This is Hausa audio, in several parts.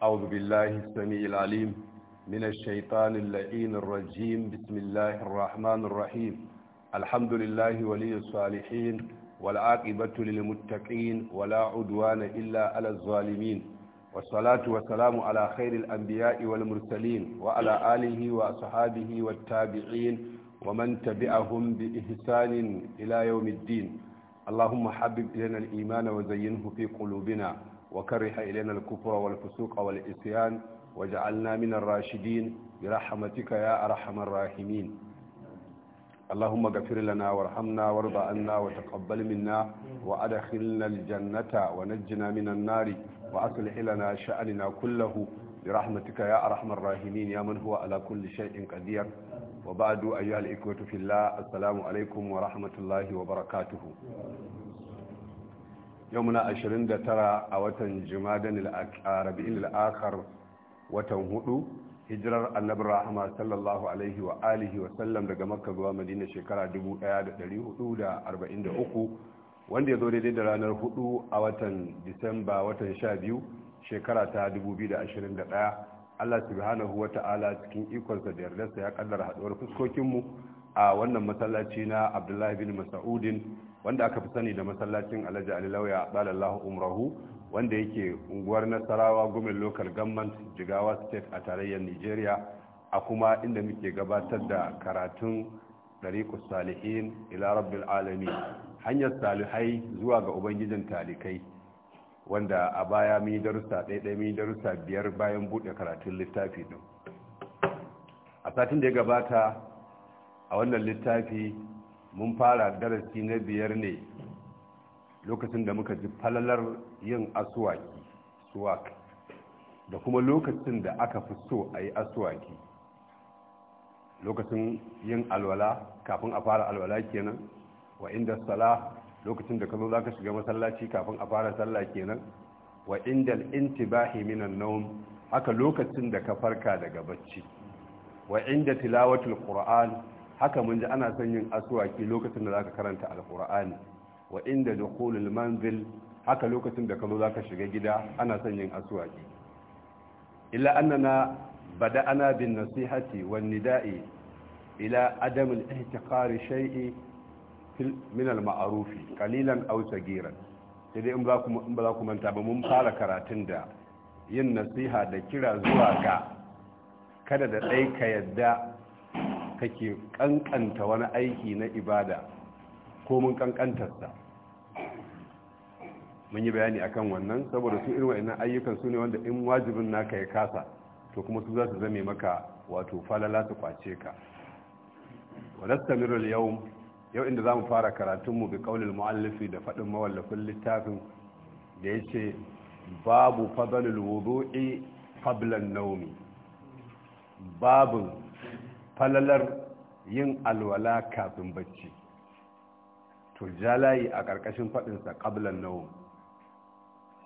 أعوذ بالله السميع العليم من الشيطان اللئين الرجيم بسم الله الرحمن الرحيم الحمد لله ولي الصالحين والعاقبة للمتقين ولا عدوان إلا على الظالمين والصلاة والسلام على خير الأنبياء والمرسلين وعلى آله وأصحابه والتابعين ومن تبعهم بإحسان إلى يوم الدين اللهم حبب إلينا الإيمان وزينه في قلوبنا وكره إلينا الكفر والفسوق والإسيان وجعلنا من الراشدين برحمتك يا أرحم الراحمين اللهم اغفر لنا وارحمنا وارض عنا وتقبل منا وأدخلنا الجنة ونجنا من النار وأصلح لنا شأننا كله برحمتك يا أرحم الراحمين يا من هو على كل شيء قدير وبعد أيها الإخوة في الله السلام عليكم ورحمة الله وبركاته yau muna 29 a watan jimadan rabi'in al'akar watan hudu hijirar annabi rahama sallallahu alaihi wa alihi wa sallam daga makka zuwa madina shekara 1443 wanda ya zo daidai da ranar hudu a watan disamba watan 12 shekara ta 2021 allah subhanahu wa ta'ala cikin ikonsa da yardarsa ya kaddara haduwar fuskokinmu a wannan masallaci na abdullahi bin mas'udin wanda aka fi sani da masallacin alhaji ali lauya ɗalallahu umrahu wanda yake unguwar nasarawa gumin local government jigawa state a tarayyar nigeria a kuma inda muke gabatar da karatun ɗariƙus salihin ila rabbil alami hanyar salihai zuwa ga ubangijin talikai wanda a baya mun yi darussa ɗaiɗai mun yi darussa biyar bayan buɗe karatun littafi ɗin a satin da ya gabata a wannan littafi mun fara darasi na biyar ne lokacin da muka ji falalar yin asuwaki suwak da kuma lokacin da aka fi so a yi asuwaki lokacin yin alwala kafin a fara alwala kenan wa inda sala lokacin da ka zo za shiga masallaci kafin a fara sallah kenan wa inda intibahi minan naum haka lokacin da ka farka daga bacci wa inda tilawatul qur'an haka mun ji ana son yin aswaki lokacin da zaka karanta alkur'ani wa inda dukhulul manzil haka lokacin da kazo zaka shiga gida ana son yin aswaki illa annana bada'ana bin nasihati wan nida'i ila adam al-ihtiqar shay'i min al-ma'ruf qalilan aw sagiran sai dai in ba ku in ba za ku manta ba mun fara karatun da yin nasiha da kira zuwa ga kada da ɗai ka yadda kake kankanta wani aiki na ibada ko mun kankantarsa mun yi bayani akan wannan saboda su irin wa'annan ayyukan su ne wanda in wajibin naka ya kasa to kuma su za su zame maka wato falala su kwace ka wadastamirul yau yau inda za mu fara karatunmu bi kaulil mu'allafi da faɗin mawallafin littafin da ya ce babu fadalul wudu'i qablan naumi babu falalar yin alwala kafin bacci to jalayi a ƙarƙashin faɗinsa ƙablan nawon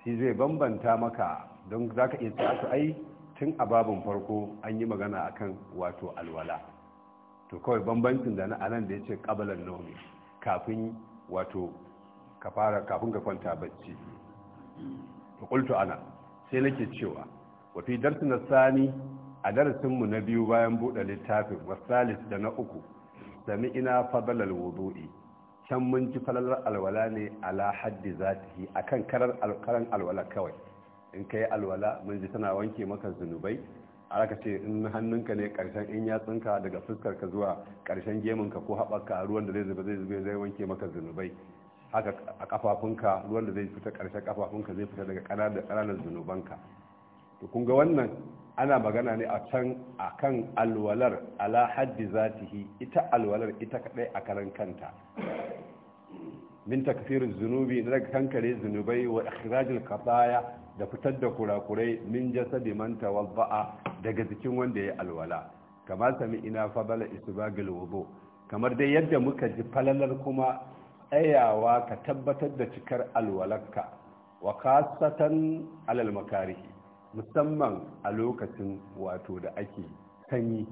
shi zai bambanta maka don za ka iya ta ai tun a babin farko an yi magana akan wato alwala to kawai bambancin da na anan da ya ce ƙablan nawon kafin wato kafin ka kwanta bacci to kultu ana sai nake cewa wafi darsin sani a darasinmu na biyu bayan buɗe littafin wasalis da na uku sami ina fadalar wudu'i can mun ci falalar alwala ne ala haddi zatihi a karar alkaran alwala kawai in ka yi alwala mun ji tana wanke maka zunubai raka ce in hannunka ne karshen in yatsunka daga fuskar ka zuwa karshen gemunka ko haɓaka ruwan da zai zube zai zube zai wanke maka zunubai haka a kafafunka ruwan da zai fita karshen kafafunka zai fita daga ƙananan zunubanka to kun ga wannan ana magana ne a can a kan alwalar ala haddi zatihi ita alwalar ita kadai a karan kanta min takfirin zunubi na daga kankare zunubai wa ikhrajil kasaya da fitar da kurakurai min jasadi man ba'a daga jikin wanda ya alwala kamar sami ina fadala isbagil wudu kamar dai yadda muka ji falalar kuma tsayawa ka tabbatar da cikar alwalarka wa kasatan alal makarihi musamman a lokacin wato da ake sanyi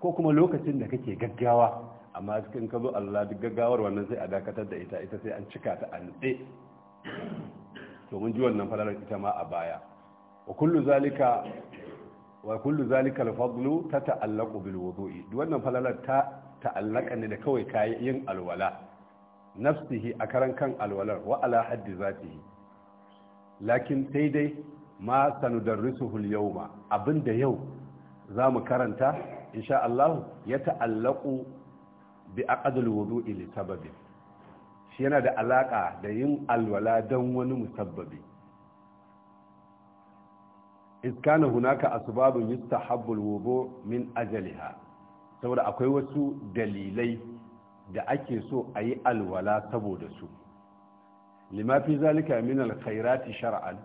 ko kuma lokacin da kake gaggawa amma cikin ka zo Allah duk gaggawar wannan sai a dakatar da ita ita sai an cika ta an tse to mun ji wannan falalar ita ma a baya wa kullu zalika wa kullu zalika al-fadlu tata'allaqu bil wudu'i duk wannan falalar ta ta'allaka ne da kawai kayi yin alwala nafsihi a karan kan alwalar wa ala haddi zatihi lakin sai dai ma sanudarrisuhu al-yawma abinda yau zamu karanta insha Allah ya ta'allaqu bi aqdul wudu'i li sababin shi yana da alaka da yin alwala don wani musabbabi kana hunaka asbabun yustahabbu al-wudu min ajaliha saboda akwai wasu dalilai da ake so ayi alwala saboda su lima fi zalika min al-khairati shar'an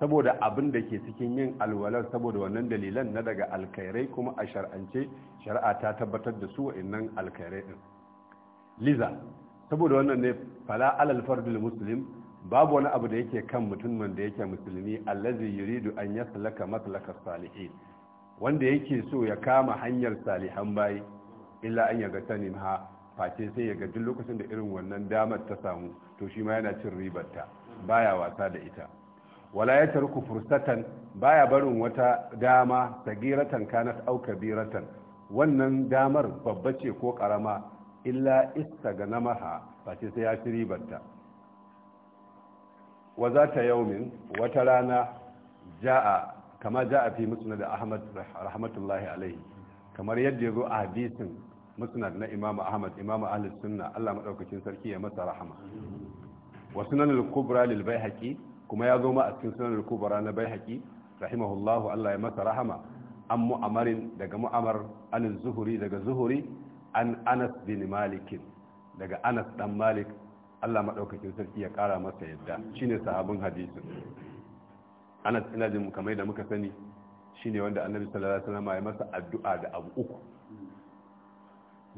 saboda abin da ke cikin yin alwalar saboda wannan dalilan na daga alkairai kuma a shar'ance shari'a ta tabbatar da su wa'annan alkairai din liza saboda wannan ne fala alal fardul muslim babu wani abu da yake kan mutumin da yake musulmi allazi yuridu an yaslaka maslaka salihin wanda yake so ya kama hanyar salihan bayi illa an yaga tanin ha face sai ya ga duk lokacin da irin wannan damar ta samu to shi ma yana cin ribar ta baya wasa da ita wala ya tarku fursatan baya barin wata dama sagiratan kanat au kabiratan wannan damar babba ce ko karama illa ba face sai ya ci ribarta wa za ta yaumin wata rana ja'a kama ja'a fi musnad ahmad rahmatullahi alaihi kamar yadda ya zo a hadisin musnad na imam ahmad imam ahli sunna Allah madaukakin sarki ya masa rahama wa sunan al-kubra lil baihaqi kuma ya zo ma a cikin sunan kubara na baihaqi rahimahullahu Allah ya masa rahama an mu'amarin daga mu'amar an zuhuri daga zuhuri an Anas bin Malik daga Anas dan Malik Allah madaukakin sarki ya kara masa yadda shine sahabin hadisin Anas ina jin kamar da muka sani shine wanda Annabi sallallahu alaihi wasallam ya masa addu'a da abu uku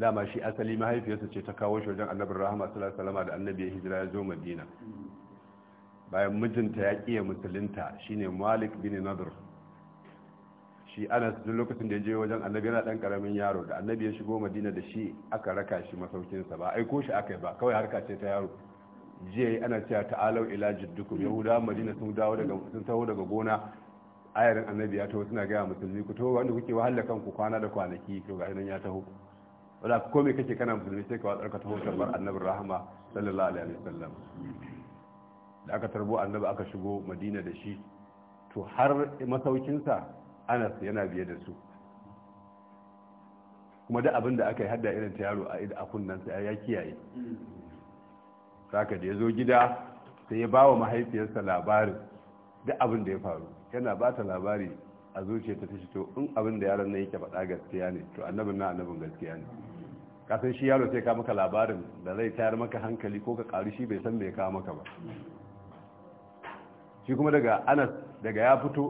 dama shi asali mahaifiyarsa ce ta kawo shi wajen Annabi rahama sallallahu alaihi wasallam da annabi ya hijira ya zo madina bayan mijinta ya ƙiya musulunta shine malik bin nadir shi anas duk lokacin da ya je wajen annabi yana ɗan ƙaramin yaro da annabi ya shigo madina da shi aka raka shi masaukinsa ba aiko shi aka yi ba kawai harka ce ta yaro jiya yi ana cewa ta'alau ila jiddukum yahuda madina sun dawo daga sun taho daga gona ayarin annabi ya taho suna gaya musulmi ku taho wanda kuke wahala kanku kwana da kwanaki to ga nan ya taho wala ko me kake kana musulmi sai ka watsar ka taho tabbar annabi rahama sallallahu alaihi wasallam da aka tarbo annabi aka shigo madina da shi to har masaukinsa anas yana biye da su kuma da abin da aka yi hada irin ta yaro a sa ya kiyaye saka da ya zo gida sai ya ba mahaifiyarsa labarin da abin da ya faru yana ba ta labari a zuciya ta tashi to in abin da yaron nan yake faɗa gaskiya ne to annabin na annabin gaskiya ne kasan shi yaro sai ka maka labarin da zai tayar maka hankali ko ka karu shi bai san ya kawo maka ba shi kuma daga anas daga ya fito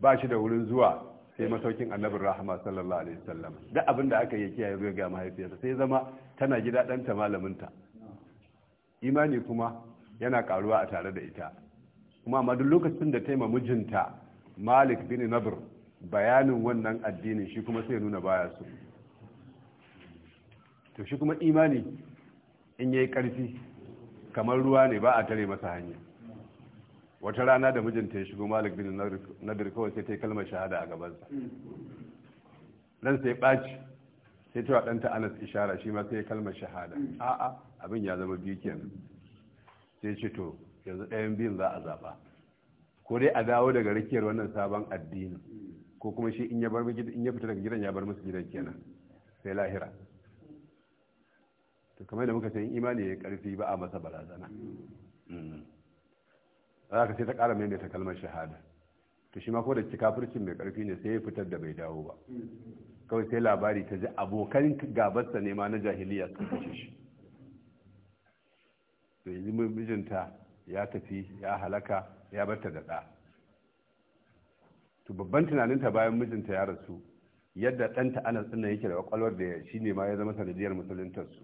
ba shi da wurin zuwa sai masaukin annabin rahama sallallahu alaihi wasallam duk abin da aka yi kiyaye ya ga mahaifiyarsa sai zama tana gida ɗanta malaminta imani kuma yana karuwa a tare da ita kuma amma duk lokacin da taima mijinta malik bin nabr bayanin wannan addinin shi kuma sai nuna baya su to shi kuma imani in yayi karfi kamar ruwa ne ba a tare masa hanya wata rana da mijinta ya shigo malik bin nadir kawai sai ta yi kalmar shahada a gabansa ran sai ɓaci sai ta ɗanta anas ishara shi ma sai kalmar shahada a'a abin ya zama biyu sai ce to yanzu ɗayan biyun za a zaɓa ko dai a dawo daga rikiyar wannan sabon addini ko kuma shi in ya bar in ya fita daga gidan ya bar musu gidan kenan sai lahira to kamar da muka ce in imani ya karfi ba a masa barazana mm. za ka sai ta ƙara ta kalmar shahada to shi ma ko da kafircin mai ƙarfi ne sai ya fitar da bai dawo ba kawai sai labari ta ji abokan gabarsa ne ma na jahiliya su kashe shi to yanzu mijinta ya tafi ya halaka ya barta da ɗa to babban tunaninta bayan mijinta ya rasu yadda ɗanta ana tsinna yake da kwakwalwar da shi ne ma ya zama sanadiyar su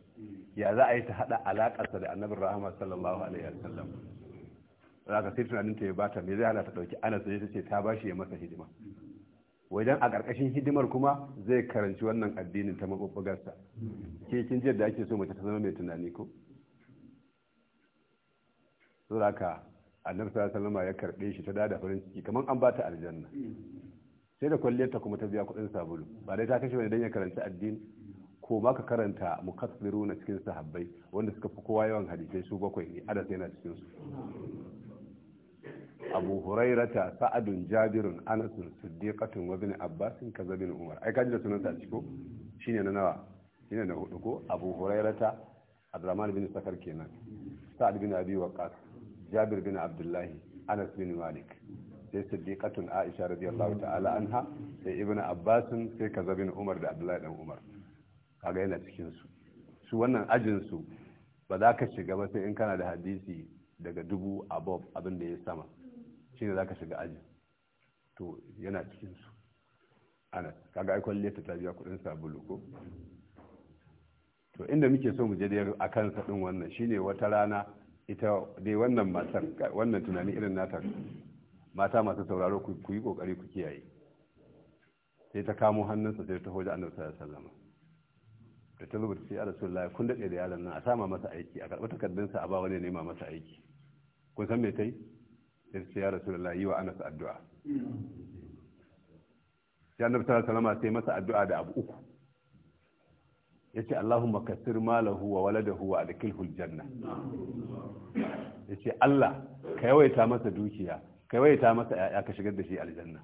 ya za a yi ta haɗa alaƙarsa da annabin rahama sallallahu alaihi wasallam za ka sai tunanin ta ya bata me zai hana ta dauki anas ne ta ce ta bashi ya masa hidima wajen a ƙarƙashin hidimar kuma zai karanci wannan addinin ta mabubbugarsa ke kin jiyar da ake so mace ta zama mai tunani ko saboda annabi sallallahu alaihi wasallam ya karbe shi ta dada farin ciki kamar an bata aljanna sai da kwalliyarta kuma ta biya kuɗin sabulu ba dai ta kashe wani dan ya karanci addini ko ma ka karanta na cikin sahabbai wanda suka fi kowa yawan hadisai su bakwai ne adasa yana cikin su abu hurairata sa'adun jabirun anasun siddiqatun wa bin abbasin kaza bin umar ai kaji da sunan ta ciko shine na nawa shine na hudu ko abu hurairata abdurrahman bin sakar kenan sa'ad bin abi waqas jabir bin abdullahi anas bin malik sai siddiqatun aisha radiyallahu ta'ala anha sai ibn abbasin sai kaza bin umar da abdullahi dan umar kaga yana cikin su su wannan ajin su ba za ka shiga ba sai in kana da hadisi daga dubu above abin da ya sama ce za ka shiga aji to yana cikinsu ana kaga aikon leta ta biya kudin sabulu ko to inda muke so mu je da a kan ɗin wannan shine wata rana ita dai wannan matar wannan tunani irin nata mata masu sauraro ku yi kokari ku kiyaye sai ta kamo hannunsa sai ta hoji an sallallahu alaihi sallama da ta rubuta sai rasulullahi kun daɗe da yaron nan a sama masa aiki a karɓi takardunsa a ba wani nema masa aiki kun san me ta yi sai ya ya da yi wa anas addu'a ya annabi sallallahu alaihi sai masa addu'a da abu uku yace allahumma kassir malahu wa waladahu wa adkhilhu aljanna yace allah ka yawaita masa dukiya ka yawaita masa ya ka shigar da shi aljanna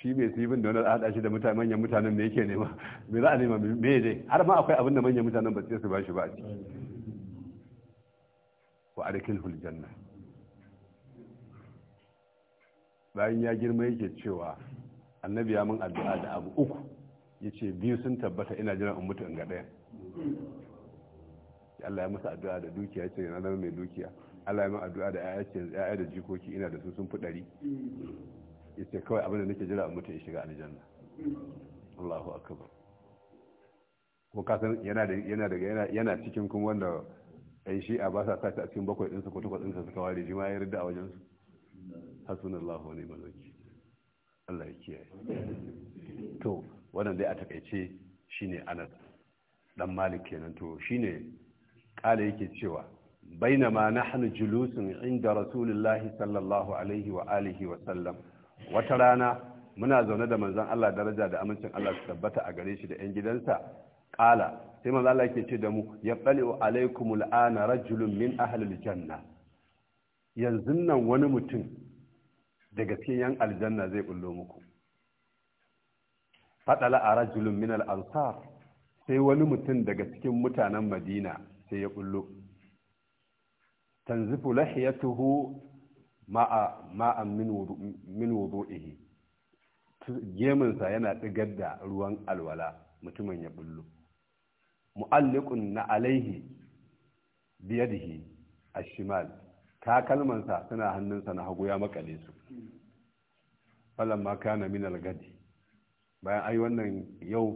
shi bai su bin da wani al'ada shi da manyan mutanen da yake nema me za a nema me dai har ma akwai abin da manyan mutanen ba su ba shi ba a ciki wa adkhilhu aljanna bayan ya girma yake cewa annabi ya mun addu'a da abu uku yace biyu sun tabbata ina jiran in mutu in ga ɗaya Allah ya masa addu'a da dukiya ce na zama mai dukiya Allah ya mun addu'a da ƴaƴa ce ƴaƴa da jikoki ina da su sun fi ɗari yace kawai abin da nake jira in mutu in shiga aljanna Allahu akbar ko ka san yana da yana da yana cikin kuma wanda ɗan shi'a ba sa sa a cikin bakwai ɗinsa ko takwas ɗinsa suka ware shi ma ya yarda a wajensu hasbunallahu wa ni'mal Allah ya kiyaye to wannan dai a takaice shine Anas dan Malik kenan to shine kala yake cewa bainama nahnu julusun inda rasulullahi sallallahu alaihi wa alihi wa sallam wata rana muna zaune da manzon Allah daraja da amincin Allah su tabbata a gare shi da yan gidansa kala sai manzon Allah yake ce da mu yaqalu alaikumul ana rajulun min ahli aljanna yanzu nan wani mutum daga cikin yan aljanna zai bullo muku Faɗala a rajulun min al-ansar sai wani mutum daga cikin mutanen madina sai ya bullo tanzifu lahiyatuhu ma'a ma'an min wudu'ihi geminsa yana tsigar da ruwan alwala mutumin ya bullo mu'alliqun na alaihi biyadihi ashimal takalmansa suna hannunsa na hagu ya makale su falon ma kana min algadi bayan ayi wannan yau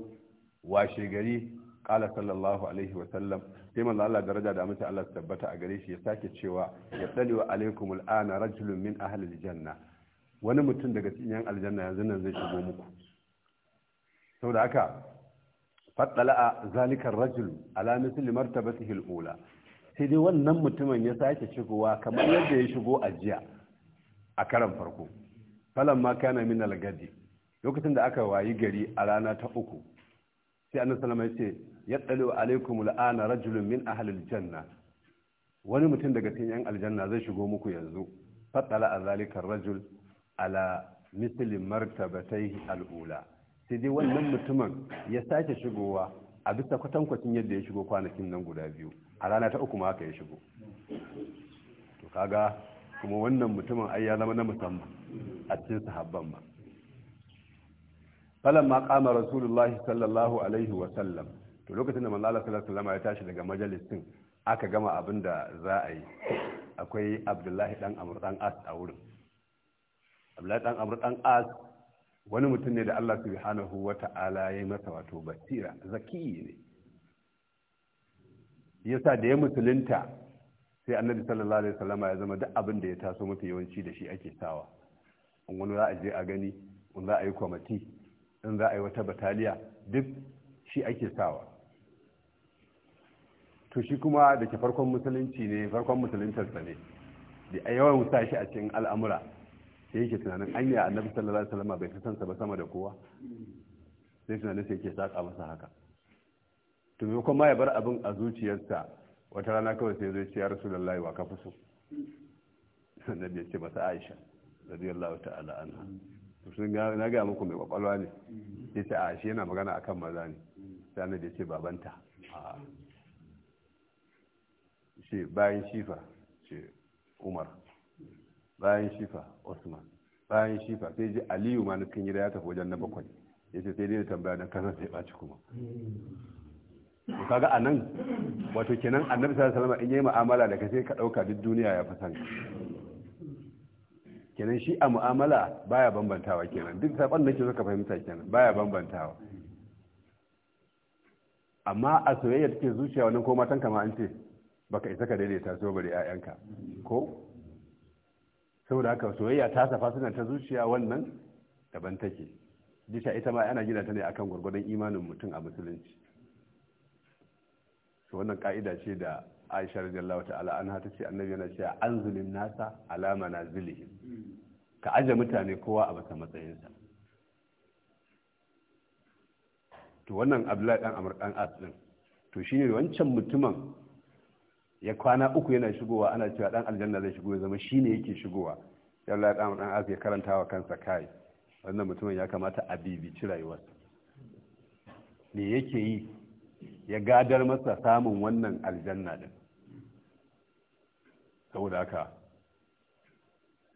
washe gari kala sallallahu alaihi wasallam sai manzo Allah daraja da mace Allah tabbata a gare shi ya sake cewa ya tsali wa alaikum al'ana rajulun min ahli aljanna wani mutum daga cikin yan aljanna yanzu nan zai shigo muku saboda haka a zalika rajul ala misli martabatihi hil'ula. sai dai wannan mutumin ya sake shigowa kamar yadda ya shigo a jiya a karan farko falon ma kana min algadi lokacin da aka wayi gari a rana ta uku sai annabi wasallam ya ce yaddali alaikum al'ana rajulun min ahli aljanna wani mutum daga cikin yan aljanna zai shigo muku yanzu fatala azalika rajul ala misli martabatayhi al'ula sai dai wannan mutumin ya sake shigowa a bisa kwatankwacin yadda ya shigo kwanakin nan guda biyu a rana ta uku ma haka ya shigo to kaga kuma wannan mutumin ai ya zama na musamman a cikin sahabban ba falan ma kama rasulullah sallallahu alaihi wa sallam to lokacin da manzo sallallahu alaihi ya tashi daga majalisin aka gama abin da za a yi akwai Abdullahi dan Amr dan As a wurin Abdullahi dan Amr dan As wani mutum ne da Allah subhanahu wa ta'ala ya yi masa wato basira zaki ne yasa da ya musulunta sai annabi sallallahu alaihi wasallam ya zama duk abin da ya taso mafi yawanci da shi ake sawa in wani za a je a gani in za a yi kwamati in za a yi wata bataliya duk shi ake sawa to shi kuma da ke farkon musulunci ne farkon sa ne da a yawan sa shi a cikin al'amura sai yake tunanin yi annabi sallallahu alaihi wasallam bai kasance ba sama da kowa sai tunanin sai yake saka masa haka to me kuma ya bar abin a zuciyarsa wata rana kawai sai zai ce ya rasu lallahi wa kafa so annabi biya ce masa aisha radiyallahu ta'ala anha to sun ga na ga muku mai kwakwalwa ne ya ce a shi yana magana akan maza ne sai na biya ce babanta shi bayan shifa ce umar bayan shifa osman bayan shifa sai ji aliyu ma yi da gida ya tafi wajen na bakwai ya ce sai dai tambaya na kasa sai ɓaci kuma to kaga anan wato kenan annabi sallallahu alaihi wasallam in yayi mu'amala da kace ka dauka duk duniya ya fasan kenan shi a mu'amala baya bambantawa kenan duk saban nake zaka fahimta kenan baya bambantawa amma a soyayya take zuciya wannan ko matan kama an ce baka isa ka daidaita so bari ƴaƴanka ko saboda haka soyayya ta safa suna ta zuciya wannan daban take bisa ita ma ana gina ta ne akan gwargwadon imanin mutum a musulunci to wannan ka'ida ce da aisha radiyallahu ta'ala ce ce, annabi yana cewa an anzilin nasa alama na manazilihim ka aje mutane kowa a bata matsayinsa to wannan abdullahi dan amr dan as din to shine wancan mutumin ya kwana uku yana shigowa ana cewa dan aljanna zai shigo ya zama shine yake shigowa ya Allah dan as ya karanta wa kansa kai wannan mutumin ya kamata a bibici rayuwarsa me yake yi ya gadar masa samun wannan aljanna din saboda haka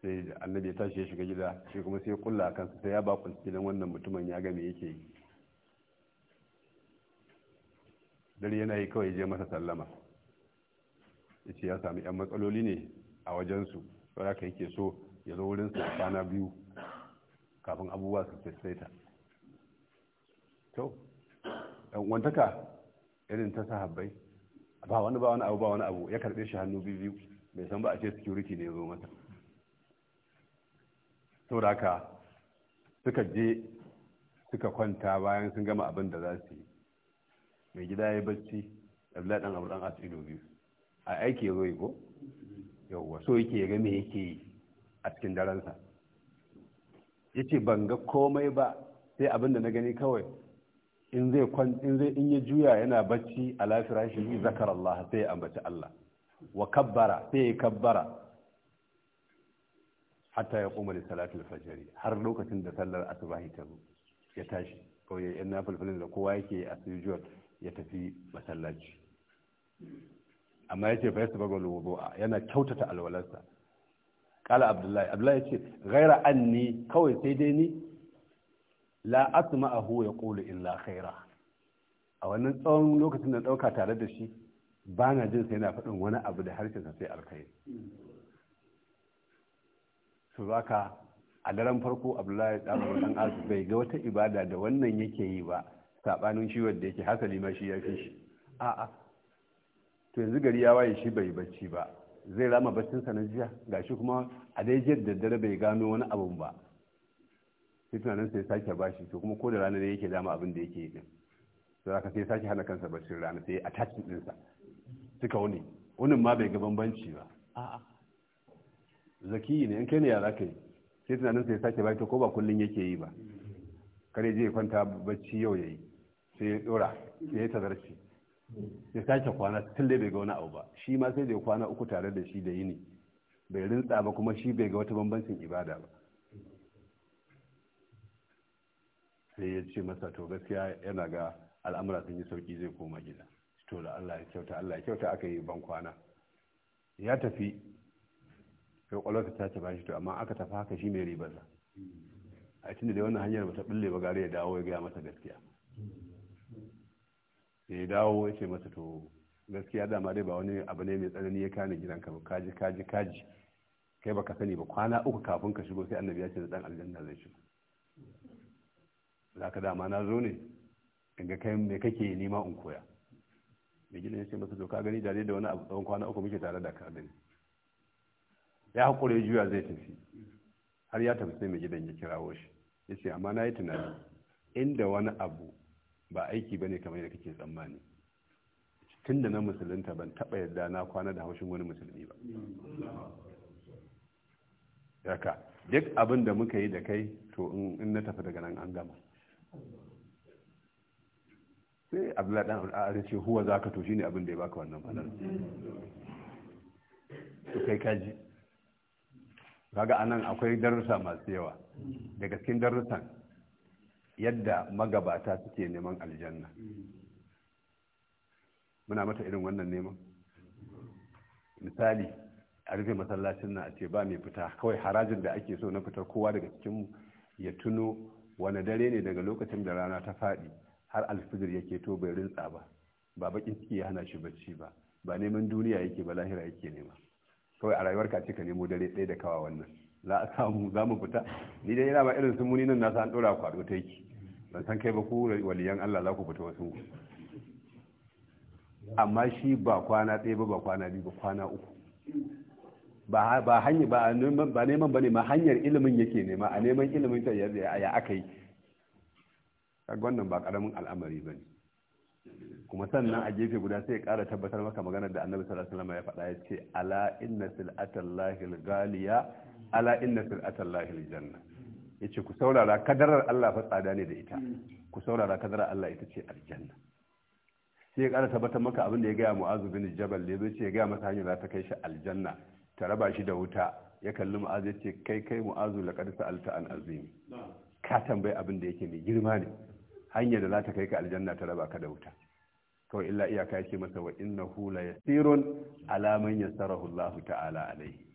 sai annabi ya tashi ya shiga gida shi kuma sai kulla a kansa sai ya ba gidan wannan mutumin ya game yake yi dare yana yi kawai je masa sallama ya ce ya sami yan matsaloli ne a wajensu saboda ka yake so ya zo wurin sa kwana biyu kafin abubuwa su saisaita wantaka irin ta sahabbai ba wani ba wani abu ba wani abu ya karbe shi hannu biyu bai san ba a ce security ne ya zo mata saboda suka je suka kwanta bayan sun gama abin da za su yi mai gida ya yi bacci da ɗan abu dan asido biyu a aiki ya zo yi ko yawwa so yake ya game yake yi a cikin daransa ya ce ban ga komai ba sai abin da na gani kawai in zai in zai in ya juya yana bacci a lafira shi zakar Allah sai ya ambaci Allah wa kabbara sai ya kabbara hatta ya kuma da salatul har lokacin da sallar asubahi ta zo ya tashi kawai yan nafilfilin da kowa yake a sujud ya tafi masallaci amma yace fa yasbagul wudu'a yana kyautata alwalarsa qala abdullahi abdullahi yace ghaira anni kawai sai dai ni la Huwa ya qulu illa khaira a wannan tsawon lokacin da ɗauka tare da shi ba na jin sai na faɗin wani abu da harshen sa sai alkai su zaka a daren farko abdullahi ɗan ɗan asu bai ga wata ibada da wannan yake yi ba saɓanin shi wanda yake hasali ma shi ya fi shi a'a to yanzu gari ya waye shi bai bacci ba zai rama baccinsa na jiya gashi kuma a dai da daddare bai gano wani abu ba sai tunanin sai sake bashi to kuma ko da rana ne yake dama abin da yake yi din sai aka sai sake hana kansa bacin rana sai attachment sa suka wuni wunin ma bai ga bambanci ba a'a zaki ne in kai ne yara kai sai tunanin sai sake to ko ba kullun yake yi ba kare je kwanta bacci yau yayi sai ya dora sai ya tazarci sai sake kwana tun dai bai ga wani abu ba shi ma sai da kwana uku tare da shi da yini bai rinta ba kuma shi bai ga wata bambancin ibada ba sai ya ce masa to gaskiya yana ga al'amura sun yi sauki zai koma gida to da Allah ya kyauta Allah ya kyauta aka yi ban kwana ya tafi sai kwalwarsa ta ce ba shi to amma aka tafi haka shi mai za a tunda da wannan hanyar ba ta bulle ba gare ya dawo ya gaya masa gaskiya ya dawo ya ce masa to gaskiya dama dai ba wani abu ne mai tsanani ya kane gidan ka kaji kaji kaji kai baka sani ba kwana uku kafin ka shigo sai annabi ya ce da dan aljanna zai shigo za ka dama na zo ne in ga kai me kake nema in koya mai gidan ya ce masa to ka gani da da wani abu tsawon kwana uku muke tare da ka gani ya haƙura juya zai tafi har ya tafi sai mai gidan ya kirawo shi ya ce amma na yi tunani inda wani abu ba aiki ba ne kamar yadda kake tsammani tun da na musulunta ban taɓa yadda na kwana da haushin wani musulmi ba yaka duk abin da muka yi da kai to in na tafi daga nan an gama sai abdullahi dan al'ari ce huwa zaka to shine abin da ya baka wannan fadar to kai kaji kaga anan akwai darussa masu yawa daga cikin darussan yadda magabata suke neman aljanna muna mata irin wannan neman misali a rufe masallacin nan a ce ba mai fita kawai harajin da ake so na fitar kowa daga cikin ya tuno wani dare ne daga lokacin da rana ta faɗi har alfijir yake to bai rintsa ba ba bakin ciki ya hana shi bacci ba ba neman duniya yake ba lahira yake nema kawai a rayuwar ka ce ka nemo dare ɗaya da kawa wannan za a samu za mu fita ni dai yana ba irin sun muni nan na san ɗora kwado ta yake ban san kai ba ku waliyan Allah za ku fita wasu amma shi ba kwana ɗaya ba ba kwana biyu ba kwana uku ba hanyar ba neman bane ma hanyar ilimin yake nema a neman ilimin ta ya aka yi wannan ba karamin al'amari ba ne kuma sannan a gefe guda sai ya ƙara tabbatar maka magana da annabi sallallahu alaihi wasallam ya faɗa ya ce ala inna sil'atallahi galiya ala inna sil'atallahi janna yace ku saurara kadarar Allah fa tsada ne da ita ku saurara kadarar Allah ita ce aljanna sai ya ƙara tabbatar maka abin da ya gaya mu'azu bin jabal da ya ce ya gaya masa hanyar za ta kai shi aljanna ta raba shi da wuta ya kalli mu'azu ya ce kai kai mu'azu laqad sa'alta an azimi ka tambayi abin da yake mai girma ne hanyar da za ta kai ka aljanna ta raba ka da wuta kawai illa iyaka yake masa wa hu la yasirun ala man yasarahu Allah ta'ala alaihi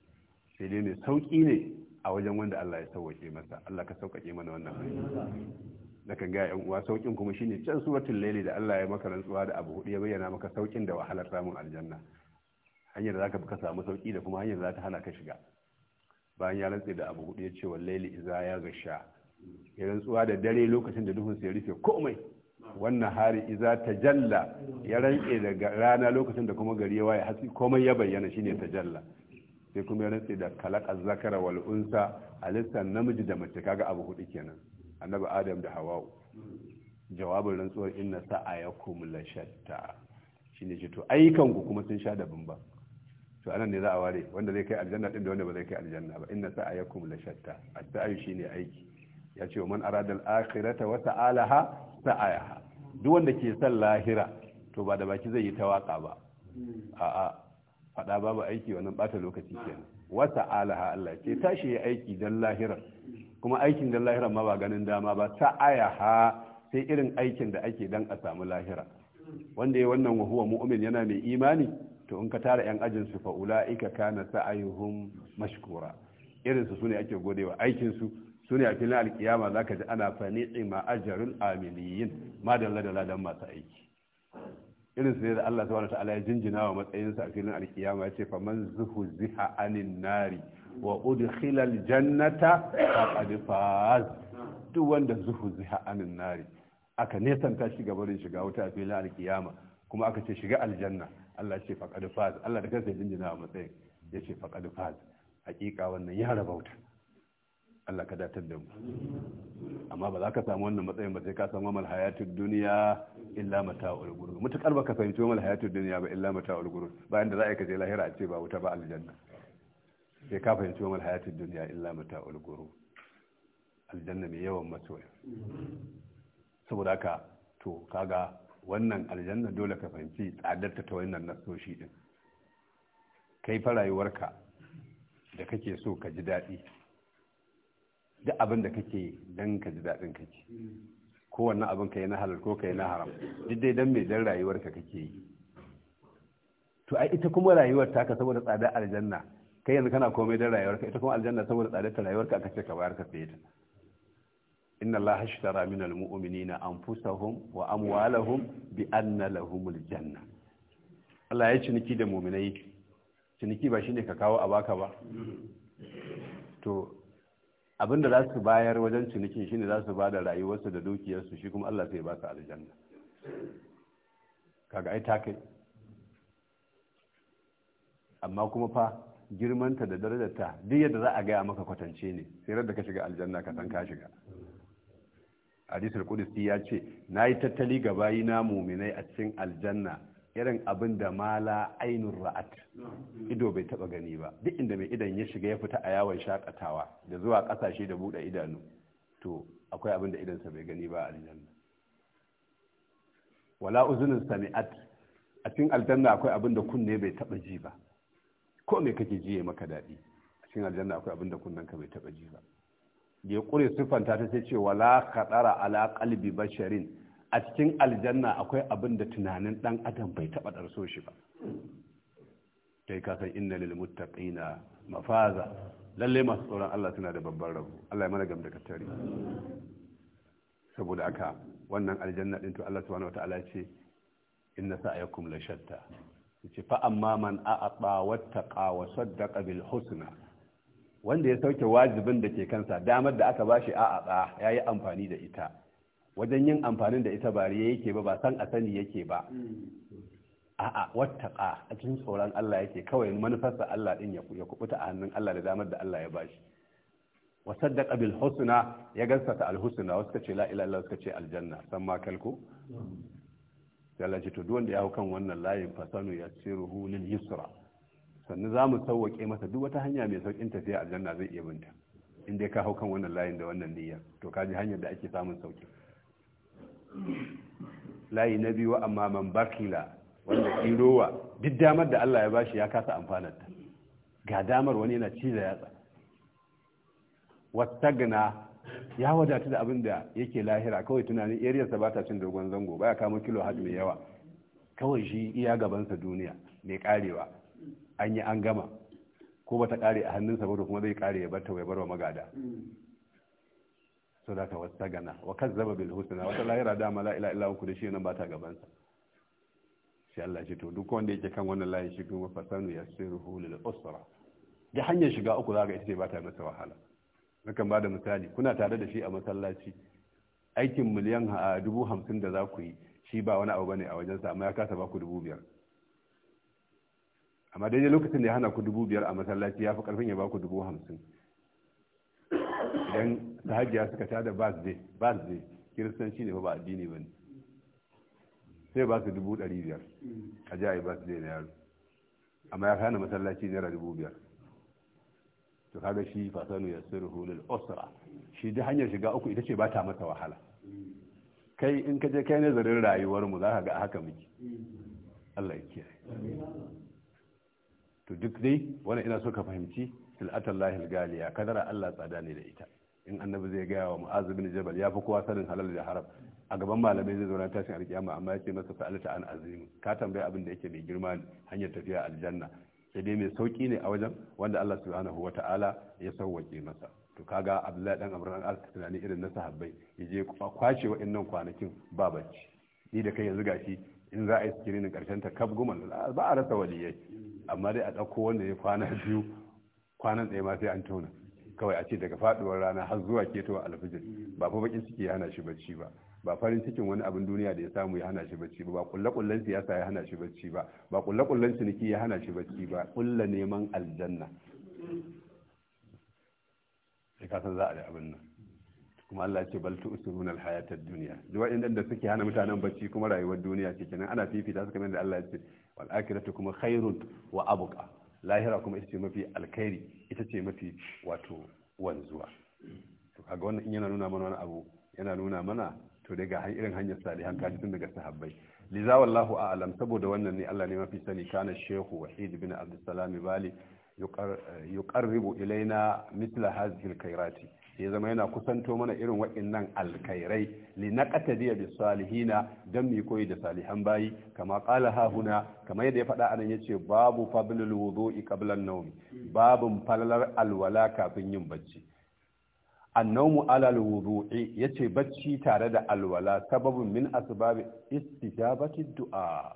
sai dai ne sauki ne a wajen wanda Allah ya sauke masa Allah ka sauƙaƙe mana wannan nakan ga yan uwa saukin kuma shine can suratul layli da Allah ya maka rantsuwa da abu hudu ya bayyana maka saukin da wahalar samun aljanna hanyar da zaka ka samu sauki da kuma hanyar da za ta hana ka shiga bayan ya rantse da abu hudu ya ce wal layli idza ya gasha ya rantsuwa da dare lokacin da duhun sai rufe komai wannan hari iza tajalla ya rantse daga rana lokacin da kuma gari ya waye hatsi komai ya bayyana shine tajalla sai kuma ya rantse da kalaka zakara wal unsa alistan namiji da mace kaga abu hudu kenan annabi adam da hawa'u jawabin rantsuwar inna sa'ayakum la shatta shine ce to ayyukan ku kuma sun sha da bamba to anan ne za a ware wanda zai kai aljanna din da wanda ba zai kai aljanna ba inna sa'ayakum la shatta as sai shine aiki ya ce wa man aradal akhirata wa ta'alaha sa'ayaha duk wanda ke son lahira to ba da baki zai yi ta waka ba a'a fada babu aiki wannan bata lokaci kenan wa ta'alaha Allah ce tashi ya aiki dan lahira kuma aikin dan lahira ma ba ganin dama ba sa'ayaha sai irin aikin da ake dan a samu lahira wanda ya wannan wahuwa mu'min yana mai imani to in ka tara yan ajin su fa ula'ika kana sa'ayuhum mashkura irin su sune ake godewa aikin su su ne a filin alkiyama za ka ji ana fani ma ajarin amiliyin ma da don masu aiki irin su ne da Allah subhanahu ta'ala ya jinjina wa matsayinsa a filin alkiyama ya ce fa man zuhu ziha anin nari wa udkhila aljannata faqad faz duk wanda zuhu ziha anin nari aka nesanta shi barin shiga wuta a filin alkiyama kuma aka ce shiga aljanna Allah ce faqad faz Allah da kansa ya jinjina wa matsayin ya ce faqad faz hakika wannan ya rabauta Allah ka datar da mu amma ba za ka samu wannan matsayin ba sai ka samu mal hayatul duniya illa mata'ul ghurur mutakar ba ka fahimci mal hayatul duniya ba illa mata'ul ghurur bayan da za a yi ka je lahira a ce ba wuta ba aljanna sai ka fahimci mal hayatul duniya illa mata'ul ghurur aljanna mai yawan masoya saboda ka to kaga wannan aljanna dole ka fahimci tsadarta ta wannan nasoshi din kai fa rayuwarka da kake so ka ji daɗi duk abin da kake dan ka ji daɗin kake kowanne abin ka yi na halal ko ka yi na haram duk dai dan mai dan rayuwar ka kake yi to ai ita kuma rayuwar ka saboda tsadar aljanna kai yanzu kana komai dan rayuwar ka ita kuma aljanna saboda tsadar ta rayuwar ka aka ce ka bayar ka sai ta inna allaha ashtara min almu'minina anfusahum wa amwalahum bi anna lahumul janna Allah ya ciniki da mu'minai ciniki ba shine ka kawo a baka ba to abin da za su bayar wajen cinikin shi ne za su ba da rayuwarsu da dukiyarsu shi kuma Allah sai ba su aljanna kaga ai ta kai amma kuma fa girmanta da darajarta duk yadda za a gaya maka kwatance ne sai da ka shiga aljanna ka san ka shiga hadisul qudsi ya ce nayi tattali ga bayina muminai a cikin aljanna irin abin da mala ainun ra'at ido bai taba gani ba duk inda mai idan ya shiga ya fita a yawon shakatawa da zuwa kasashe da bude idanu to akwai abin da idansa bai gani ba a aljanna wala uzunin sami'at a cikin aljanna akwai abin da kunne bai taba ji ba ko me kake ji ya maka daɗi a cikin aljanna akwai abin da kunnen ka bai taba ji ba ya kure siffanta ta sai ce wala khadara ala qalbi basharin a cikin aljanna akwai abin da tunanin dan adam bai taba darso shi ba kai ka san inna lil muttaqina mafaza lalle masu tsoron Allah suna da babban rabo Allah ya mana gamda katari saboda aka wannan aljanna din to Allah subhanahu wataala ce inna sa'yakum la shatta yace fa amma man a'ata wattaqa wa saddaqa bil husna wanda ya sauke wajibin da ke kansa damar da aka bashi ya yi amfani da ita wajen yin amfanin da ita bariya yake ba ba san a sani yake ba a'a wattaqa a cikin tsoron Allah yake kawai manufarsa Allah din ya kubuta a hannun Allah da damar da Allah ya bashi wa saddaqa bil husna ya gaskata al husna wasu kace la ilaha illallah aljanna san ma kalko Allah ce to duk wanda ya hau kan wannan layin fasanu yasiruhu lil yusra sannan za mu sauwaƙe masa duk wata hanya mai sauƙin tafiya aljanna zai iya binta in dai ka hau kan wannan layin da wannan niyyar to ka ji hanyar da ake samun sauƙi layi na biyu amma man bakila wanda irowa duk damar da Allah ya bashi ya kasa amfanarta ga damar wani yana ci da yatsa wattagna ya wadatu da abin da yake lahira kawai tunanin eriyarsa ba ta cin dogon zango baya kamo kilo hat mai yawa kawai shi iya gabansa duniya mai karewa an yi an gama ko ba ta kare a hannunsa ba kuma zai kare ya bar ta bai wa magada sadaka wasta gana wa kazzaba bil husna wata lahira da ma la ilaha illa hu da shi nan ba ta gaban sa sai Allah ya ce to duk wanda yake kan wannan layin shi kuma fasanu yassiruhu lil usra da hanyar shiga uku zaka ita ce ba ta masa wahala nakan ba da misali kuna tare da shi a masallaci aikin miliyan dubu hamsin da za ku yi shi ba wani abu bane a wajensa amma ya kasa ba ku dubu biyar amma daidai lokacin da ya hana ku dubu biyar a masallaci ya fi karfin ya ba ku dubu hamsin idan da hajiya suka tada bas de kiristanci ne ba addini ba ne sai ba su dubu ɗari biyar a ji a yi na yaro amma ya hana masallaci naira dubu biyar to kaga shi fasanu ya sirri hulul osra shi da hanyar shiga uku ita ce ba ta masa wahala kai in ka je kai nazarin rayuwar mu za ka ga haka miki Allah ya kiyaye to duk dai wannan ina so ka fahimci sil'atallahi galiya kadara Allah tsada ne da ita in annabi zai gaya wa mu'azu bin jabal ya fi kowa sanin halal da haram a gaban malamai zai zauna tashin alkiyama amma ya ce masa sa'alta an azim ka tambaye abin da yake mai girma ne hanyar tafiya aljanna sai dai mai sauki ne a wajen wanda Allah subhanahu wata'ala ya sauwake masa to kaga Abdullahi dan Amran al tunani irin na sahabbai yaje kwace wa'annan kwanakin ba bacci ni da kai yanzu gashi in za a yi sikirinin karshen ta kaf goma ba a rasa waliyai amma dai a ɗauko wanda ya kwana biyu kwanan ɗaya ma sai an tona kawai a ce daga faduwar rana har zuwa ketowar alfijir ba fa bakin ciki ya hana shi bacci ba ba farin cikin wani abin duniya da ya samu ya hana shi bacci ba ba kullakullan siyasa ya hana shi bacci ba ba kullakullan ciniki ya hana shi bacci ba kulla neman aljanna sai ka san za a yi abin nan kuma Allah ya ce bal tu usuruna alhayatad dunya duwa inda da suke hana mutanen bacci kuma rayuwar duniya ce kenan ana fifita su kamar da Allah ya ce wal akhiratu kuma khairun wa abqa lahira kuma ita ce mafi alkhairi ita ce mafi wato wanzuwa to kaga wannan in yana nuna mana wani abu yana nuna mana to dai ga irin hanyar salihan kaji tun daga sahabbai liza wallahu a'lam saboda wannan ne Allah ne mafi sani kana shehu wahid bin abdussalam bali yuqarribu ilaina mithla hadhihi alkhairati sai zama yana kusanto mana irin waɗannan alkhairai li naqtadiya bis salihina dan mi koyi da salihan bayi kama qala ha huna kama yadda ya faɗa anan yace babu fadlul wudu'i qabla an-nawm babun falalar alwala kafin yin bacci annawmu ala al yace bacci tare da alwala sababin min asbab istijabati du'a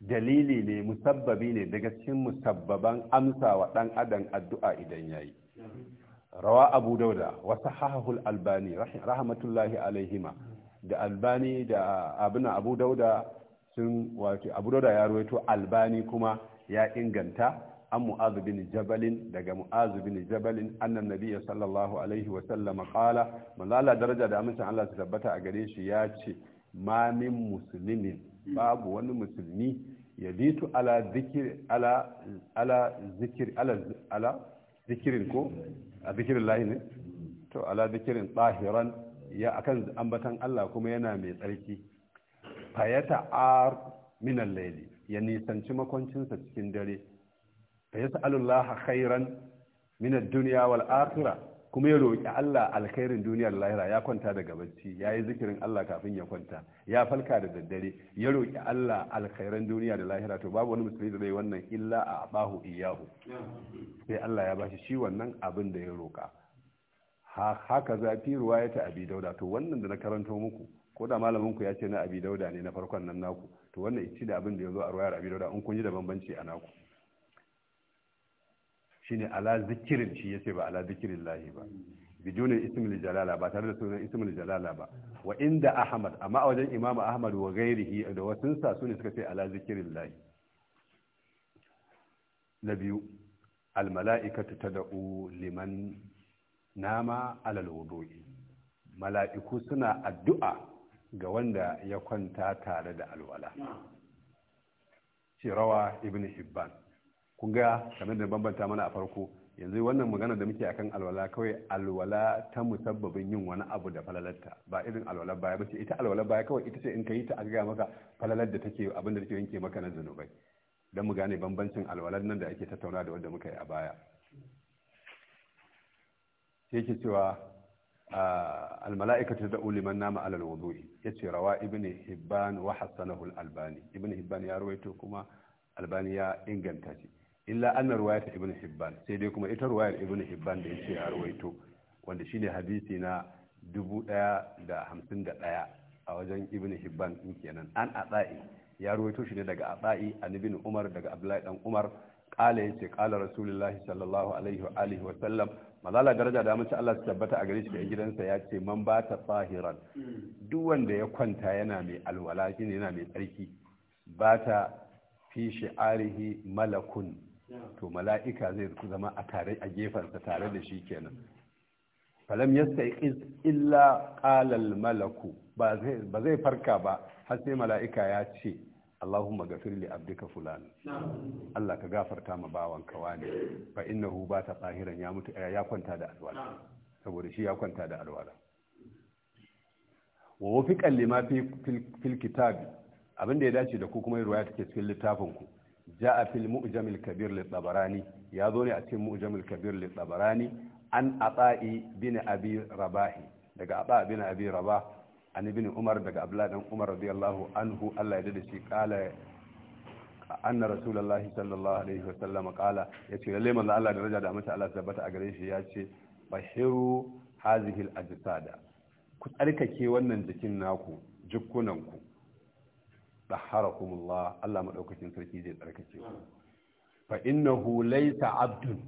dalili ne musabbabi ne daga cikin musabbaban amsa wa dan adam addu'a idan yayi rawa abu dauda wasu hahahul albani rahmatullahi alaihima da albani da abin abu dauda sun wato abu dauda ya ruwaito albani kuma ya inganta an mu'azu bin jabalin daga mu'azu bin jabalin annan nabiyya sallallahu alaihi wa sallama qala manzala daraja da amincin Allah su tabbata a gare shi ya ce ma min muslimin babu wani musulmi yabitu ala zikir ala ala zikir ala ala zikirin ko a zikirin lahi ne to ala zikirin tsahiran ya akan ambatan Allah kuma yana mai tsarki fayata ar minan laili ya nisanci makwancinsa cikin dare fa yas'alullaha khairan min duniya wal akhirah kuma ya roƙi Allah alkhairin da lahira ya kwanta daga bacci ya yi zikirin Allah kafin ya kwanta ya falka da daddare ya roƙi Allah alkhairan duniya da lahira to babu wani musulmi da zai wannan illa a abahu iyahu sai Allah ya bashi shi wannan abin da ya roƙa haka zafi fi ruwaya ta abi dauda to wannan da na karanto muku ko da malamin ku ya ce na abi dauda ne na farkon nan naku to wannan ci da abin da ya zo a ruwayar abi dauda in kun ji da bambanci a naku shine ala zikirin shi yace ba ala zikirin lahi ba bijunin Ismil jalala ba tare da sunan ismul jalala ba wa inda ahmad amma a wajen imamu ahmad wa gairihi da wasunsa su ne suka ce ala zikirin lahi na biyu almala'ikatu tad'u liman nama alal mala'iku suna addu'a ga wanda ya kwanta tare da alwala shi rawa ibn hibban kun ga kamar da bambanta mana a farko yanzu wannan magana da muke akan alwala kawai alwala ta musabbabin yin wani abu da falalarta ba irin alwala baya ba ce ita alwala baya kawai ita ce in ka yi ta aga maka falalar da take abin da take yanke maka na zanubai don mu gane bambancin alwalar nan da ake tattauna da wanda muka yi a baya yake cewa ah, almala'ikatu da uliman nama alal wudu'i yace rawa ibnu hibban wa hasanahu albani ibnu hibban ya rawaito kuma albani ya inganta shi illa annar ruwayat ibn hibban sai dai kuma ita ruwayar ibn hibban da yace a ruwaito wanda shine hadisi na daya. a wajen ibn hibban din kenan an atsa'i ya ruwaito shi ne daga atsa'i an ibn umar daga abdullahi dan umar kala yace kala rasulullahi sallallahu alaihi wa alihi wa sallam mazala daraja da mace Allah su tabbata a gare shi da gidansa ya ce man ba ta tsahiran duk wanda ya kwanta yana mai alwala shine yana mai tsarki ba ta fi arihi malakun to mala'ika zai zama a tare a gefensa tare da shi kenan falam yastaqiz illa ƙalal malaku ba zai farka ba har sai mala'ika ya ce Allahumma ghafir li abdika fulan Allah ka gafarta ma bawanka wani fa innahu ba ta tsahiran ya mutu ya kwanta da alwala saboda shi ya kwanta da alwala wa wafiqan lima fi fil kitab abinda ya dace da ku kuma ruwaya take cikin littafin ku ja'a fil mu'jamil kabir li tabarani ya zo ne a cikin mu'jamil kabir li tabarani an ata'i bin abi rabahi daga aba bin abi rabah an ibn umar daga abdullah dan umar radiyallahu anhu Allah ya dade shi kala sallallahu alaihi wasallam kala yace lalle manzo Allah da daraja da masa Allah tabbata a gare shi ce bashiru hazihi al-ajsada ku tsarkake wannan jikin naku jukkunanku dahharakumullah Allah madaukakin sarki zai tsarkake ku fa innahu laysa abdun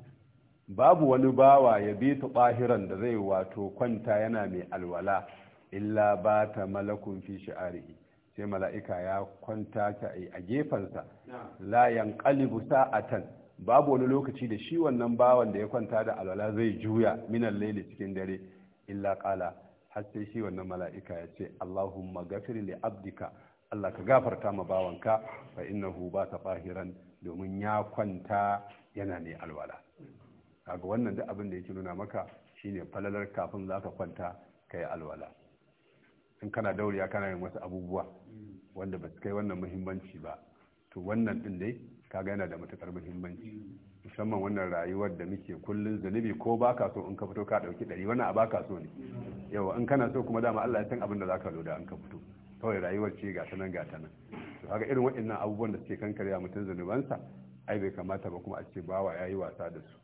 babu wani bawa ya bi ta ɓahiran da zai wato kwanta yana mai alwala illa ba ta malakun fi shi'arihi sai mala'ika ya kwanta ta a gefensa layan ƙalibu sa'atan babu wani lokaci da shi wannan bawan da ya kwanta da alwala zai juya minan laili cikin dare illa ƙala har sai shi wannan mala'ika ya ce allahumma gafir li abdika Allah ka gafarta ma bawanka fa innahu ba ta fahiran domin ya kwanta yana ne alwala kaga wannan duk abin da yake nuna maka shine falalar kafin za ka kwanta kai alwala in kana dauriya kana yin wasu abubuwa wanda ba su kai wannan muhimmanci ba to wannan din dai kaga yana da matukar muhimmanci musamman wannan rayuwar da muke kullun zunubi ko ba ka so in ka fito ka dauki dari wannan a ba ka so ne yawa in kana so kuma dama Allah ya san abin da ka loda in ka fito kawai rayuwar ce ga tanan ga tanan to haka irin waɗannan abubuwan da suke kankarewa mutum zunubansa ai bai kamata ba kuma a ce bawa ya yi wasa da su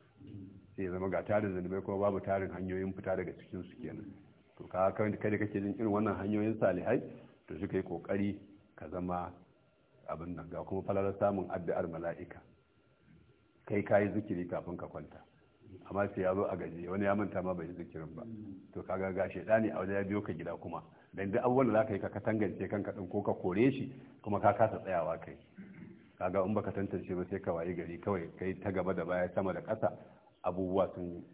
sai zama ga tarin zanubai kuma babu tarin hanyoyin fita daga cikin su kenan to ka kai da kake jin irin wannan hanyoyin salihai to shi kai kokari ka zama abin nan ga kuma falalar samun addu'ar mala'ika kai kayi zikiri kafin ka kwanta amma sai ya zo a gaji wani ya manta ma bai yi zikirin ba to ka ga shaidani a wajen ya biyo ka gida kuma dan duk abubuwan da zaka yi ka katangance kanka din ko ka kore shi kuma ka kasa tsayawa kai kaga in baka tantance ba sai ka wayi gari kawai kai ta gaba da baya sama da ƙasa abubuwa sun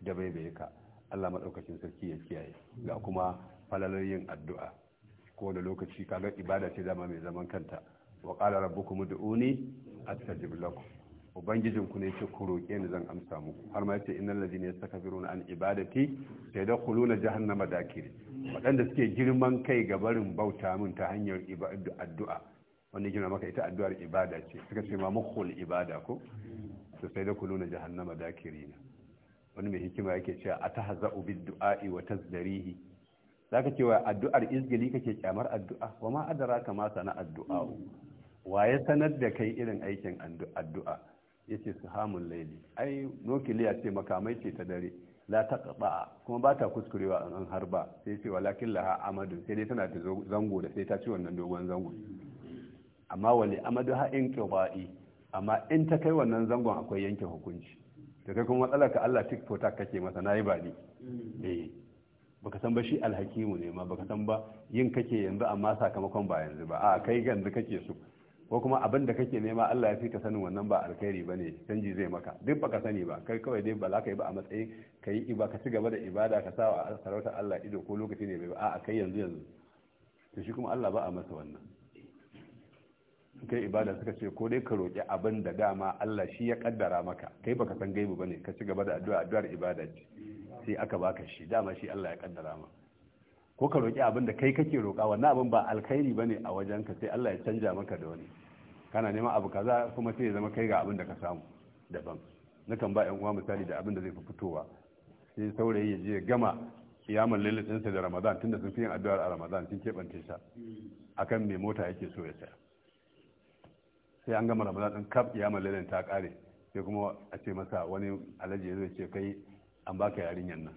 dabaibaye ka Allah madaukakin sarki ya kiyaye ga kuma falalar yin addu'a ko da lokaci ga ibada ce dama mai zaman kanta wa qala rabbukum ud'uni astajib lakum ubangijin ku ne yake ku roƙe ni zan amsa muku har ma yace innal ladina yastakbiruna an ibadati sayadkhuluna jahannama dakiri wadanda suke girman kai ga barin bauta min ta hanyar addu'a wanda gina maka ita addu'ar ibada ce suka ce ma mukhul ibada ko to sayadkhuluna jahannama dakiri wani mai hikima yake cewa atahza'u ubi du'a'i wa tazdarihi zaka wa addu'ar izgili kake kyamar addu'a wa ma adraka ma sana addu'a wa ya sanar da kai irin aikin addu'a ya ce su Hamun laili ai nukiliya ce makamai ce ta dare la taqba kuma ba ta kuskurewa an harba sai ce walakin laha amadu sai dai tana da zango da sai ta ci wannan dogon zango amma wali amadu ha in qibai amma in ta kai wannan zangon akwai yanke hukunci da kai kuma matsalar ka Allah tik ka kake masa nayi ba eh baka san ba shi alhakimu ne ma baka san ba yin kake yanzu amma sakamakon ba yanzu ba a kai yanzu kake so ko kuma abin da kake nema Allah ya fi ka sanin wannan ba alkhairi ba ne canji zai maka duk baka sani ba kai kawai dai ba za ka yi ba a matsayin ka yi iba ka ci gaba da ibada ka sa wa sarauta Allah ido ko lokaci ne ba a kai yanzu yanzu to shi kuma Allah ba a masa wannan kai ibada suka ce ko dai ka roƙi abin da dama Allah shi ya kaddara maka kai baka san gaibu bane ka ci gaba da addu'a addu'ar ibada ce sai aka baka shi dama shi Allah ya kaddara maka ko ka roƙi abin da kai kake roƙa wannan abin ba alkhairi bane a wajenka sai Allah ya canja maka da wani kana nema abu kaza kuma sai ya zama kai ga abin da ka samu daban nakan ba yan uwa misali da abin da zai fi fitowa sai saurayi ya je gama kiyamar lilitinsa da ramadan tunda sun fi yin addu'ar a ramadan sun keɓance sa akan mai mota yake so ya saya sai an gama ramadan din kaf kiyamar lilin ta kare sai kuma a ce masa wani alaji ya ce kai an baka yarinyar nan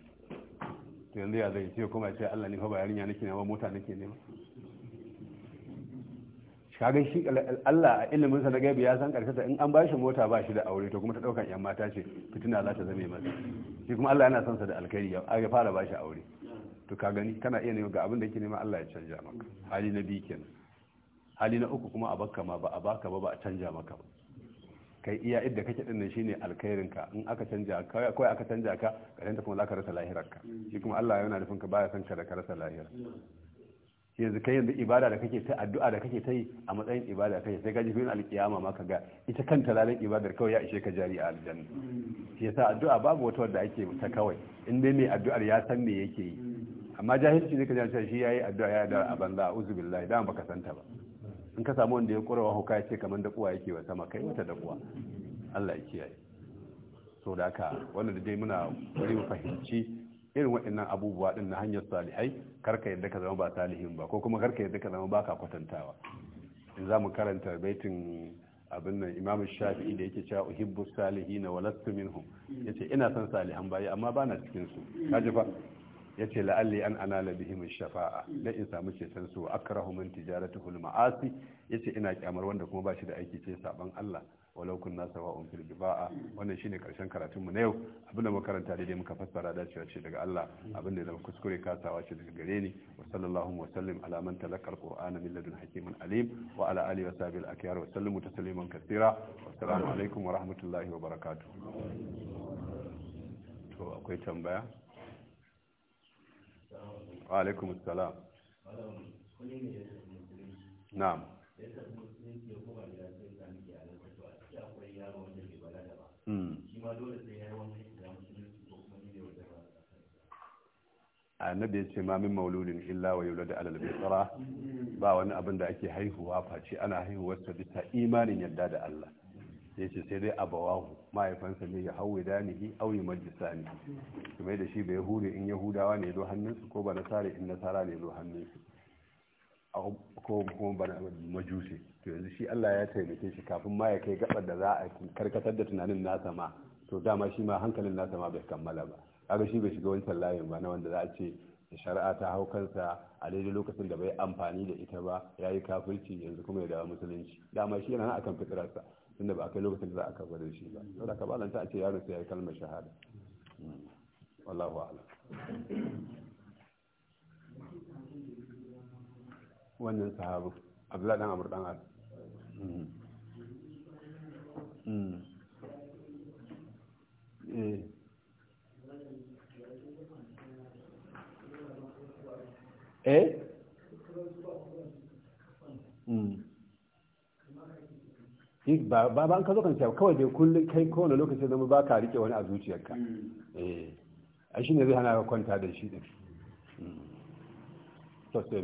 to yanzu ya zai ce kuma ya ce Allah ne fa ba yarinya nake nema mota nake nema shagan shi Allah a ilimin sa na gaibi ya san karshe in an bashi mota ba shi da aure to kuma ta daukan yan mata ce fitina za ta zame masa shi kuma Allah yana son sa da alkhairi ya fara bashi aure to ka gani kana iya nema ga abin da yake nema Allah ya canja maka hali na biyu kenan hali na uku kuma a baka ma ba a baka ba ba a canja maka ba kai iya idda kake din nan shine alkhairin ka in aka canja ka kai aka canja ka karanta kuma zaka rasa lahirar ka shi kuma Allah yana nufin ka baya san ka da ka rasa lahirar. yanzu kai yanzu ibada da kake ta addu'a da kake ta yi a matsayin ibada kake sai gaji ji alkiyama ma kaga ita kanta lalan ibadar kawai ya ishe ka jari a aljanna shi yasa addu'a babu wata wadda ake ta kawai in dai mai addu'ar ya san me yake yi amma jahilci ne ka jami'a shi ya yi addu'a ya da a banza uzu billahi dama baka santa ba in ka samu wanda ya kurawa hauka ya ce kamar da kuwa yake wa ma kai mata da kuwa Allah ya kiyaye so da haka wannan da dai muna wani mu fahimci irin waɗannan abubuwa ɗin na hanyar salihai karka yadda ka zama ba salihin ba ko kuma karka yadda ka zama ba ka kwatantawa in za mu karanta baitin abin nan imam shafi'i da yake cewa uhibbu salihina wa lastu minhum yace ina son salihan bayi amma bana cikin su kaji fa yace la'alli an anala bihim shafa'a da in samu ceton su akrahu min tijaratuhul ma'asi yace ina kyamar wanda kuma ba shi da aiki ce saban Allah walau kunna un fil biba'a wannan shine karshen karatun mu na yau abinda muka karanta daidai muka fassara dacewa ce daga Allah abinda zama kuskure kasawa ce daga gare ni wa sallallahu wa sallim ala man talaqa min ladun hakimin alim wa ala alihi wa sahbihi al-akyar wa sallimu tasliman wa assalamu alaikum wa rahmatullahi wa barakatuh to akwai tambaya wa alaikum assalam na'am Hmm. annabi ya ce ma min mauludin illa wa yau da alal bisara ba wani abin da ake haihuwa face ana haihuwar ta bisa imanin yadda da Allah ya ce sai dai abawahu mahaifansa ne ya hauwe danihi auyi majisa ne kuma da shi bai hure in yahudawa ne zo hannunsu ko ba nasara in nasara ne zo hannunsu ko kuma majusi to yanzu shi Allah ya taimake shi kafin ma ya kai gabar da za a karkatar da tunanin nasa ma to dama shi ma hankalin nasa ma bai kammala ba kaga shi bai shiga wancan layin ba na wanda za a ce shari'a ta hau kansa a daidai lokacin da bai amfani da ita ba ya yi kafirci yanzu kuma ya dawo musulunci dama shi yana akan fitirarsa tunda ba a kai lokacin da za a kafa da shi ba saboda ka balanta a ce yaro sai ya yi kalmar shahada hmm. wallahu a'lam wannan sahabu abdullahi dan amur dan al hmm. Hmm. eh eh hmm. ba ba an ka zo kan cewa kawai dai kullum kai ko wani lokaci zama ba ka rike wani a zuciyarka eh a shi ne zai hana kwanta da shi din to sai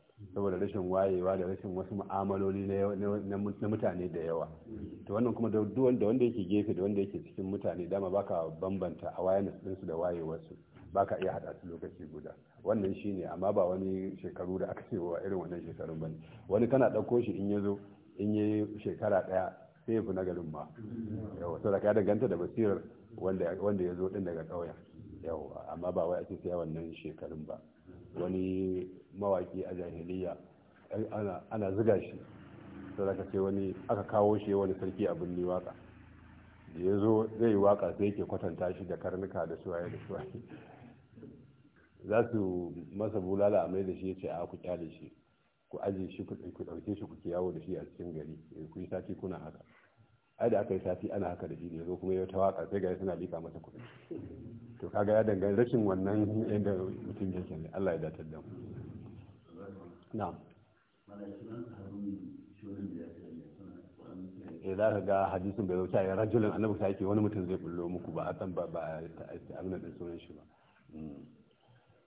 saboda rashin wayewa da rashin wasu mu'amaloli na mutane da yawa to wannan kuma da wanda yake gefe da wanda yake cikin mutane dama baka bambanta a awareness ɗinsu da wayewarsu baka iya haɗa su lokaci guda wannan shine amma ba wani shekaru da aka cewa irin wannan shekarun bane wani kana ɗauko shi in ya zo in yi shekara ɗaya sai ya fi na garin ma yawa saboda ya danganta da basirar wanda ya zo ɗin daga ƙauyen yawa amma ba wai ake sai wannan shekarun ba wani mawaki a jahiliya ana ziga shi sai aka ce wani aka kawo shi wani sarki a birnin waka da ya zo zai waka sai yake kwatanta shi da karnuka da suwaye da suwaye za su masa bulala a mai da shi ya ce a ku kyale shi ku ajiye shi ku ɗauke shi ku yawo da shi a cikin gari eh, ku yi sati kuna haka ai da aka yi sati ana haka da shi ne zo kuma ya ta waka sai ga suna lika masa kuɗi to kaga ya dangane rashin wannan yadda mutum ya ne Allah ya datar da mu na'am eh za ka ga hadisin bai zauce ya rajulun annabi sai yake wani mutum zai bullo muku ba a san ba ba a amna da sunan shi ba hmm.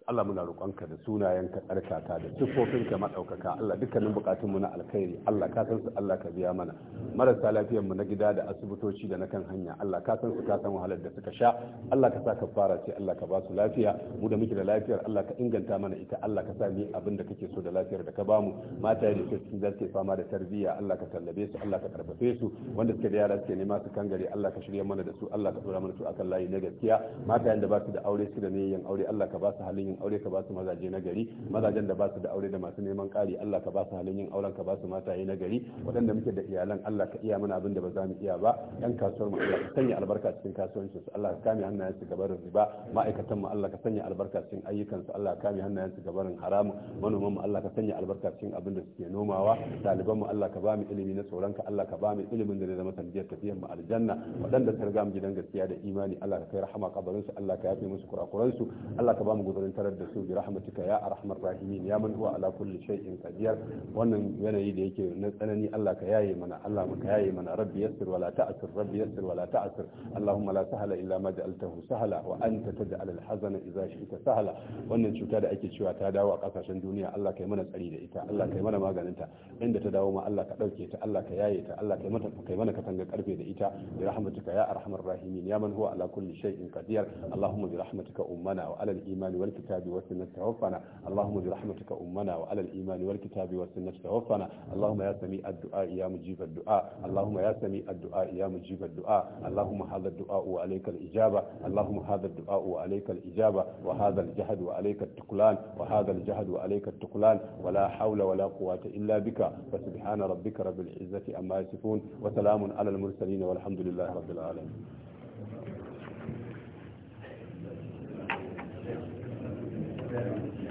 Allah muna roƙonka da sunayenka tsarkaka da siffofinka maɗaukaka Allah dukkanin buƙatunmu na alkhairi Allah ka san su Allah ka biya mana marasa lafiyar mu na gida da asibitoci da na kan hanya Allah ka san su ka san wahalar da suka sha Allah ka sa ka fara ce Allah ka ba su lafiya mu da muke da lafiyar Allah ka inganta mana ita Allah ka sa mu abin da kake so da lafiyar da ka ba mu mata da suke cikin zasu fama da tarbiyya Allah ka tallabe su Allah ka karfafe su wanda suke da yara suke nema su kangare Allah ka shirya mana da su Allah ka dora mana su akan layi na gaskiya mata da ba su da aure su da aure Allah ka ba su halin yin aure ka ba su mazaje na gari mazajen da ba su da aure da masu neman ƙari Allah ka ba su halin yin auren ka ba su mataye na gari waɗanda muke da iyalan Allah ka iya mana abin da ba za mu iya ba yan kasuwar mu Allah ka sanya albarka cikin kasuwancin su Allah ka kame hannayen su gabarin riba ma'aikatan mu Allah ka sanya albarka cikin ayyukan su Allah ka kame hannayen su gabarin haramu manoman mu Allah ka sanya albarka cikin abin da suke nomawa ɗaliban mu Allah ka ba mu ilimi na tsoron ka Allah ka ba mu ilimin da zai zama sanadiyar tafiyar mu aljanna waɗanda ka riga mu gidan gaskiya da imani Allah ka kai rahama kabarin su Allah ka yafe musu kurakuran su Allah ka ba mu gudurin tarar da su bi rahmatuka ya arhamar rahimin ya man huwa ala kulli shay'in qadir wannan yanayi da yake na tsanani Allah ka yaye mana Allah ka yaye mana rabbi yassir wala ta'sir rabbi yassir wala ta'sir allahumma la sahla illa ma ja'altahu sahla wa anta taj'al al-hazana idza shi'ta sahla wannan cuta da ake cewa ta dawo a kasashen duniya Allah kai mana tsari da ita Allah kai mana maganin ta inda ta dawo ma Allah ka dauke ta Allah ka yaye ta Allah kai mata kai mana katanga karfe da ita bi rahmatuka ya arhamar rahimin ya man huwa ala kulli shay'in qadir allahumma bi rahmatika ummana wa ala al-iman wal kitab الكتاب والسنة توفنا اللهم برحمتك أمنا وعلى الإيمان والكتاب والسنة توفنا اللهم يا سميع الدعاء يا مجيب الدعاء اللهم يا سميع الدعاء يا مجيب الدعاء اللهم هذا الدعاء وعليك الإجابة اللهم هذا الدعاء وعليك الإجابة وهذا الجهد وعليك التقلان وهذا الجهد وعليك التقلان ولا حول ولا قوة إلا بك فسبحان ربك رب العزة أما يصفون وسلام على المرسلين والحمد لله رب العالمين seven.